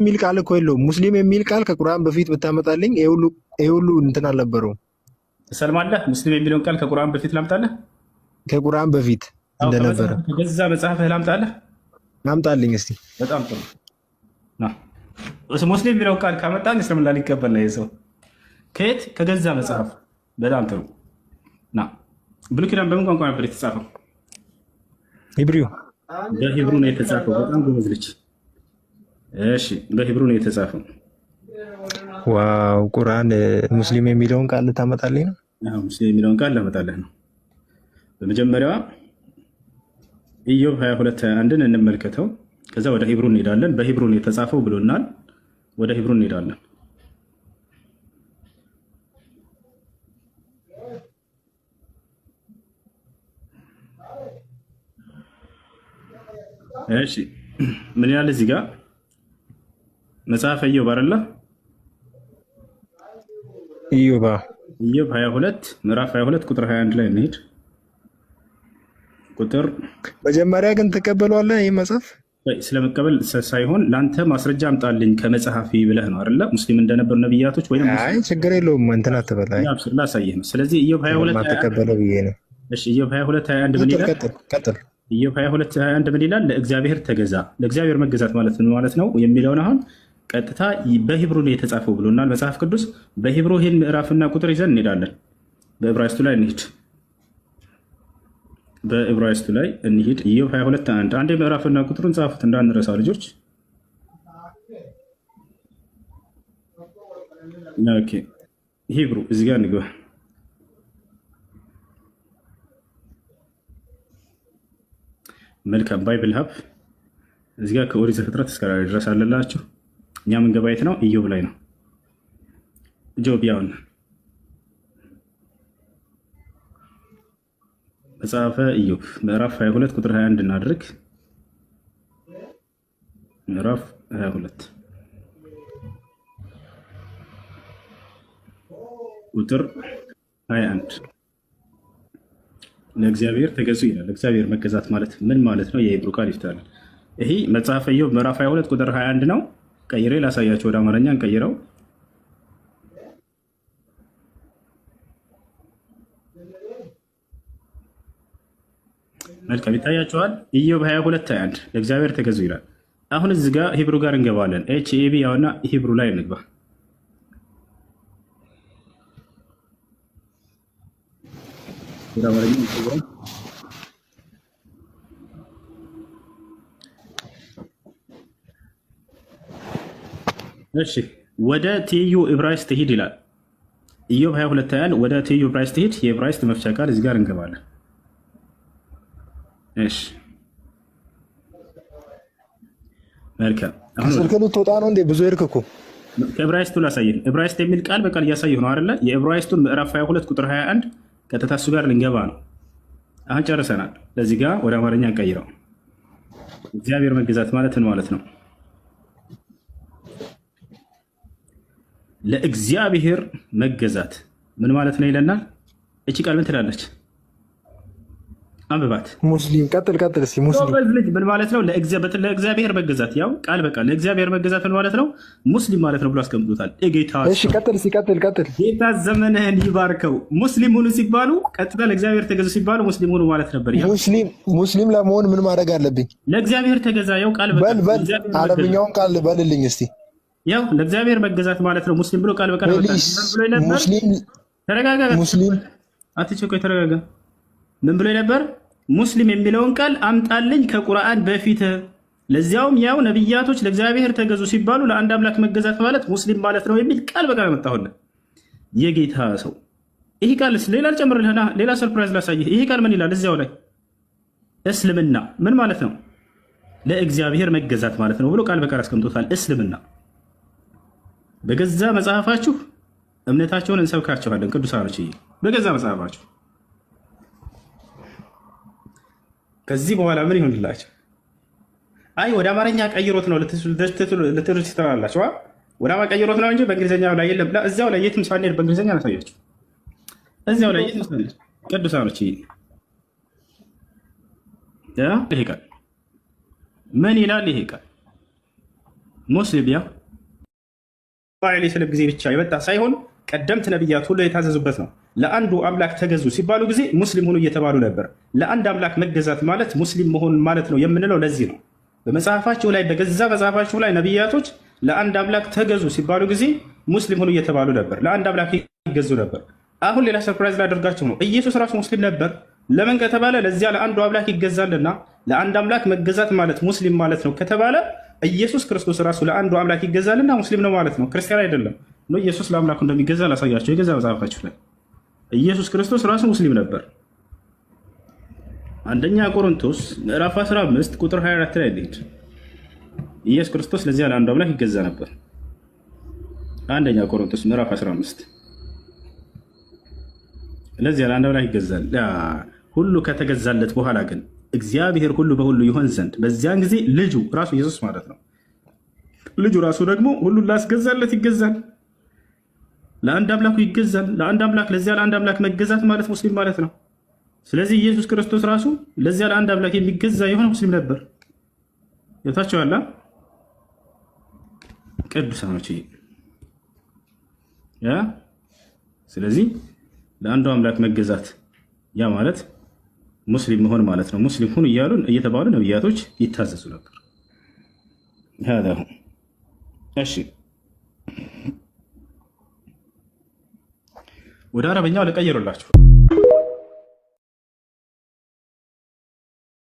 የሚል ቃል እኮ የለውም። ሙስሊም የሚል ቃል ከቁርአን በፊት ብታመጣልኝ ይሄ ሁሉ እንትን አልነበረው። ሰልማለህ ሙስሊም የሚለውን ቃል ከቁርአን በፊት ላምጣለህ? ከቁርአን በፊት እንደነበረ ከገዛ መጽሐፍህ ላምጣለህ? ላምጣልኝ እስኪ። በጣም ጥሩ። ሙስሊም የሚለው ቃል ካመጣን እስልምና ሊቀበል ነው የሰው ከየት ከገዛ መጽሐፍ። በጣም ጥሩ። ና ብሉይ ኪዳን በምን ቋንቋ ነበር የተጻፈው? ሂብሪው። በሂብሩ ነው የተጻፈው። በጣም ጎበዝ ልጅ እሺ በሂብሩ ነው የተጻፈው። ዋው ቁርአን ሙስሊም የሚለውን ቃል ልታመጣልኝ ነው? ሙስሊም የሚለውን ቃል ላመጣልህ ነው። በመጀመሪያዋ ኢዮብ 22 ን እንመልከተው። ከዛ ወደ ሂብሩ እንሄዳለን። በሂብሩ ነው የተጻፈው ብሎናል። ወደ ሂብሩ እንሄዳለን። እሺ ምን ያህል እዚህ ጋር መጽሐፈ ኢዮብ አይደለ? ኢዮብ ኢዮብ 22 ምዕራፍ 22 ቁጥር 21 ላይ እንሂድ። ቁጥር መጀመሪያ ግን ትቀበሏለህ? ይህ መጽሐፍ ስለመቀበል ሳይሆን ለአንተ ማስረጃ አምጣልኝ ከመጽሐፊ ብለህ ነው አይደለ? ሙስሊም እንደነበሩ ነቢያቶች ወይም ችግር የለውም እንትን አትበላ ላሳየህ ነው። ስለዚህ ኢዮብ 22 ኢዮብ 22 21 ምን ይላል? ለእግዚአብሔር ተገዛ። ለእግዚአብሔር መገዛት ማለት ነው ማለት ነው የሚለውን አሁን ቀጥታ በሂብሩ ነው የተጻፈው ብሎናል መጽሐፍ ቅዱስ። በሂብሩ ይህን ምዕራፍና ቁጥር ይዘን እንሄዳለን። በዕብራይስጡ ላይ እንሂድ፣ በዕብራይስቱ ላይ እንሂድ። ኢዮብ 22 አንድ አንዴ ምዕራፍና ቁጥሩን ጻፉት እንዳንረሳ ልጆች። ሂብሩ እዚህ ጋር እንግባ። መልካም ባይብል ሀብ እዚህ ጋር ከኦሪት ዘፍጥረት እስከ ላይ ድረስ አለላችሁ። እኛ ምን የት ነው? እዮብ ላይ ነው። ጆብ ያውን መጽሐፈ ኢዮብ ምዕራፍ 22 ቁጥር 21 እናድርግ። ምዕራፍ 22 ቁጥር 21 ለእግዚአብሔር ተገዙ ይላል። እግዚአብሔር መገዛት ማለት ምን ማለት ነው? የሄብሩ ቃል ይፍታል። ይሄ መጽሐፈ ኢዮብ ምዕራፍ 22 ቁጥር 21 ነው። ቀይሬ ላሳያቸው። ወደ አማርኛ እንቀይረው። መልካም ይታያቸዋል። ኢዮብ 22 21 ለእግዚአብሔር ተገዙ ይላል። አሁን እዚህ ጋር ሂብሩ ጋር እንገባለን። ኤች ቢ ያውና ሂብሩ ላይ እንግባ። ወደ አማርኛ እሺ ወደ ትይዩ ዕብራይስጥ ሂድ ይላል ኢዮብ 22 ያል ወደ ትይዩ ዕብራይስጥ ሂድ። የዕብራይስጥ መፍቻ ቃል እዚህ ጋር እንገባለን። እሺ መልካም። ስልክ ልትወጣ ነው እንዴ? ብዙ ሄድክ ከዕብራይስጡ ላሳየን። ዕብራይስጥ የሚል ቃል በቃል እያሳየሁ ነው አይደለ? የዕብራይስጡን ምዕራፍ 22 ቁጥር 21 ከተታሱ ጋር ልንገባ ነው። አሁን ጨርሰናል። ለዚህ ጋር ወደ አማርኛ እንቀይረው። እግዚአብሔር መገዛት ማለትን ማለት ነው ለእግዚአብሔር መገዛት ምን ማለት ነው ይለናል። እቺ ቃል ምን ትላለች? አንብባት። ሙስሊም ቀጥል ቀጥል። ምን ማለት ነው ለእግዚአብሔር መገዛት? ያው ቃል በቃል ለእግዚአብሔር መገዛት ምን ማለት ነው? ሙስሊም ማለት ነው ብሎ አስቀምጦታል። ጌታ ጌታ ዘመንህን ይባርከው። ሙስሊም ሁኑ ሲባሉ ቀጥታ ለእግዚአብሔር ተገዙ ሲባሉ ሙስሊም ሁኑ ማለት ነበር። ሙስሊም ለመሆን ምን ማድረግ አለብኝ? ለእግዚአብሔር ተገዛ። ያው ቃል በቃል አረብኛውን ቃል በልልኝ እስኪ ያው ለእግዚአብሔር መገዛት ማለት ነው። ሙስሊም ብሎ ቃል በቃል ብሎ ነበር። ተረጋጋ፣ አትቸኮይ፣ ተረጋጋ። ምን ብሎ ነበር? ሙስሊም የሚለውን ቃል አምጣልኝ ከቁርአን በፊት ለዚያውም ያው ነቢያቶች ለእግዚአብሔር ተገዙ ሲባሉ ለአንድ አምላክ መገዛት ማለት ሙስሊም ማለት ነው የሚል ቃል በቃል አመጣሁልህ። የጌታ ሰው ይህ ቃል ሌላ ልጨምርልህና ሌላ ሰርፕራይዝ ላሳይህ። ይህ ቃል ምን ይላል እዚያው ላይ? እስልምና ምን ማለት ነው? ለእግዚአብሔር መገዛት ማለት ነው ብሎ ቃል በቃል አስቀምጦታል። እስልምና በገዛ መጽሐፋችሁ እምነታቸውን እንሰብካቸዋለን። ቅዱሳኖች በገዛ መጽሐፋችሁ ከዚህ በኋላ ምን ይሆንላቸው? አይ ወደ አማርኛ ቀይሮት ነው ልትሉ ትችላላችሁ። ወደ አማ ቀይሮት ነው እንጂ በእንግሊዝኛ ላይ የለም። እዚያው ላይ የትም ሳንሄድ በእንግሊዝኛ አላሳያችሁ። እዚያው ላይ የትም ቅዱሳኖች ይሄ ቃል ምን ይላል? ይሄ ቃል ሙስሊም ያው ላ ስለ ጊዜ ብቻ የመጣ ሳይሆን ቀደምት ነቢያት ሁሉ የታዘዙበት ነው። ለአንዱ አምላክ ተገዙ ሲባሉ ጊዜ ሙስሊም ሁኑ እየተባሉ ነበር። ለአንድ አምላክ መገዛት ማለት ሙስሊም መሆን ማለት ነው የምንለው ለዚህ ነው። በመጽሐፋችሁ ላይ በገዛ መጽሐፋችሁ ላይ ነቢያቶች ለአንድ አምላክ ተገዙ ሲባሉ ጊዜ ሙስሊም ሁኑ እየተባሉ ነበር። ለአንድ አምላክ ይገዙ ነበር። አሁን ሌላ ሰርፕራይዝ ላደርጋችሁ ነው። ኢየሱስ ራሱ ሙስሊም ነበር። ለምን ከተባለ ለዚያ ለአንዱ አምላክ ይገዛልና ለአንድ አምላክ መገዛት ማለት ሙስሊም ማለት ነው ከተባለ ኢየሱስ ክርስቶስ ራሱ ለአንዱ አምላክ ይገዛልና ሙስሊም ነው ማለት ነው፣ ክርስቲያን አይደለም። ኢየሱስ ለአምላኩ እንደሚገዛ ላሳያቸው የገዛ መጽሐፋችሁ ላይ ኢየሱስ ክርስቶስ ራሱ ሙስሊም ነበር። አንደኛ ቆሮንቶስ ምዕራፍ 15 ቁጥር 24 ላይ ሄድ ኢየሱስ ክርስቶስ ለዚያ ለአንዱ አምላክ ይገዛ ነበር። አንደኛ ቆሮንቶስ ምዕራፍ 15 ለዚያ ለአንድ አምላክ ይገዛል። ሁሉ ከተገዛለት በኋላ ግን እግዚአብሔር ሁሉ በሁሉ ይሆን ዘንድ በዚያን ጊዜ ልጁ ራሱ ኢየሱስ ማለት ነው። ልጁ ራሱ ደግሞ ሁሉን ላስገዛለት ይገዛል። ለአንድ አምላኩ ይገዛል። ለአንድ አምላክ ለዚያ ለአንድ አምላክ መገዛት ማለት ሙስሊም ማለት ነው። ስለዚህ ኢየሱስ ክርስቶስ ራሱ ለዚያ ለአንድ አምላክ የሚገዛ የሆነ ሙስሊም ነበር። የታቸዋላ ቅዱሳኖች። ስለዚህ ለአንዱ አምላክ መገዛት ያ ማለት ሙስሊም መሆን ማለት ነው። ሙስሊም ሁን እያሉ እየተባሉ ነብያቶች ይታዘዙ ነበር። እሺ ወደ አረበኛው ልቀይሩላችሁ።